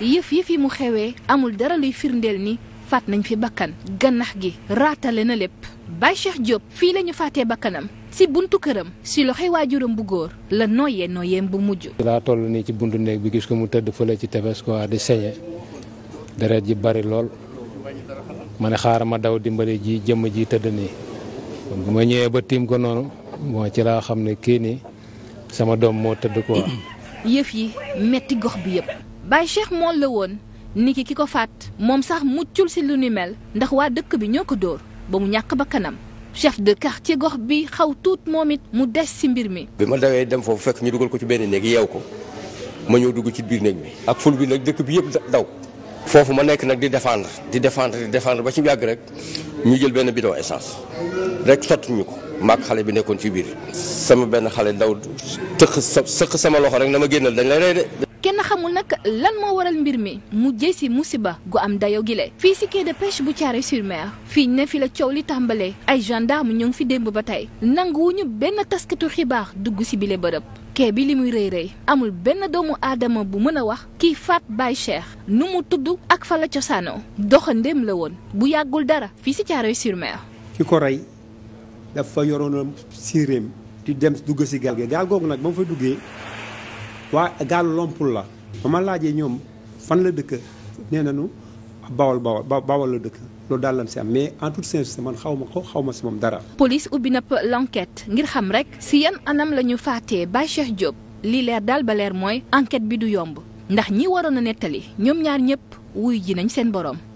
yëf yëf yi mu xewee amul dara luy firndeel ni faat nañ fi bakkan gannax gi raatale na lépp Baye Cheikh Diop fii la ñu faatee bakkanam si buntu këram si loxoy waajuram bu góor la nooyee nooyeem bu mujj. laa toll nii ci buntu néeg bi gis ko mu tëdd fële ci tefes quoi di sañe deret ji bari lool ma ne xaaral ma daw dimbali ji jëmm ji tëdd nii bu ma ñëwee ba tiim ko noonu bon ci laa xam ne kii nii sama doom moo tëdd quoi. yëf yi metti gox bi yëpp. Baye Cheikh mool la woon ni ki ki ko faat moom sax muccul si lu ni mel ndax waa dëkk bi ñoo ko dóor ba mu ñàkk ba kanam chef de ci gox bi xaw tuut moom it mu des si mbir mi. bi ma dawee dem foofu fekk ñu dugal ko ci benn néeg yeew ko ma ñëw dugg ci biir néeg bi ak ful bi nag dëkk bi yëpp daw. foofu ma nekk nag di défendre di défendre di défendre ba ci yàgg rek ñu jël benn bidon essence rek sotti ñu ko maag xale bi nekkoon ci biir. sama benn xale daw tëq sa sama loxo rek na ma génnal dañ kenn xamul nag lan moo waral mbir mi mu jëy si musiba gu am dayo gi fii si quai de pêche bu Thiaroye sur fii ne fi la coow li tàmbalee ay gendarme ñu ngi fi démb ba tey nanguwuñu benn taskatu xibaar dugg si bile bërëb kee bi li muy rëy rëy amul benn doomu aadama bu mën a wax kii faat bay Cheikh nu mu tudd ak fa la cosaanoo doxa doxandéem la woon bu yàggul dara fii si Thiaroye sur ki ko rey dafa yoroon siiréem di dem dugg si gaal gi googu nag ba waa gaal lompul la ba ma laajee ñoom fan la dëkk nee nañu bawal bawal bawal la dëkk loolu daal lañ si am mais en toute sincérité man xaw ma ko xaw ma si moom dara. police ubbi na l'enquête ngir xam rek si yan anam la ñu faatee Baye Cheikh Diop lii leer daal ba leer mooy enquête bi du yomb ndax ñi waroon a nettali ñoom ñaar ñëpp wuy ji nañ seen borom.